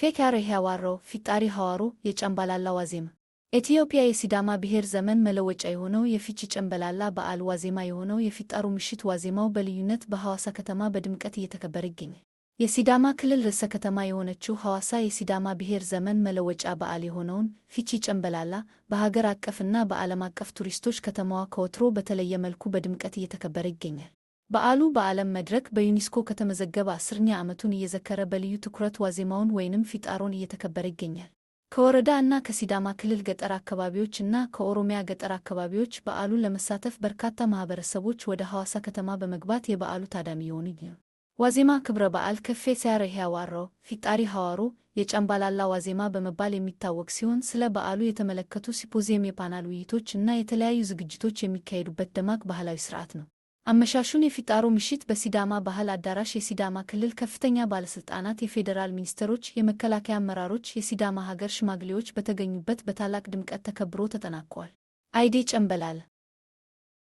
ፌካር ሕያዋራው ፊጣሪ ሐዋሩ የጨምባላላ ዋዜማ ኢትዮጵያ የሲዳማ ብሔር ዘመን መለወጫ የሆነው የፊቺ ጨምባላላ በዓል ዋዜማ የሆነው የፊጣሩ ምሽት ዋዜማው በልዩነት በሐዋሳ ከተማ በድምቀት እየተከበረ ይገኛል። የሲዳማ ክልል ርዕሰ ከተማ የሆነችው ሐዋሳ የሲዳማ ብሔር ዘመን መለወጫ በዓል የሆነውን ፊቺ ጨምባላላ በሀገር አቀፍና በዓለም አቀፍ ቱሪስቶች ከተማዋ ከወትሮ በተለየ መልኩ በድምቀት እየተከበረ ይገኛል። በዓሉ በዓለም መድረክ በዩኒስኮ ከተመዘገበ አስርኛ ዓመቱን እየዘከረ በልዩ ትኩረት ዋዜማውን ወይንም ፊጣሮን እየተከበረ ይገኛል። ከወረዳ እና ከሲዳማ ክልል ገጠር አካባቢዎች እና ከኦሮሚያ ገጠር አካባቢዎች በዓሉን ለመሳተፍ በርካታ ማህበረሰቦች ወደ ሐዋሳ ከተማ በመግባት የበዓሉ ታዳሚ የሆኑ ይገኛል። ዋዜማ ክብረ በዓል ከፌ ሲያረ ሕያዋሮ ፊጣሪ ሐዋሮ የጫምባላላ ዋዜማ በመባል የሚታወቅ ሲሆን ስለ በዓሉ የተመለከቱ ሲምፖዚየም፣ የፓናል ውይይቶች እና የተለያዩ ዝግጅቶች የሚካሄዱበት ደማቅ ባህላዊ ስርዓት ነው። አመሻሹን የፊጣሮ ምሽት በሲዳማ ባህል አዳራሽ የሲዳማ ክልል ከፍተኛ ባለስልጣናት የፌዴራል ሚኒስትሮች፣ የመከላከያ አመራሮች፣ የሲዳማ ሀገር ሽማግሌዎች በተገኙበት በታላቅ ድምቀት ተከብሮ ተጠናቋል። አይዴ ጨምበላላ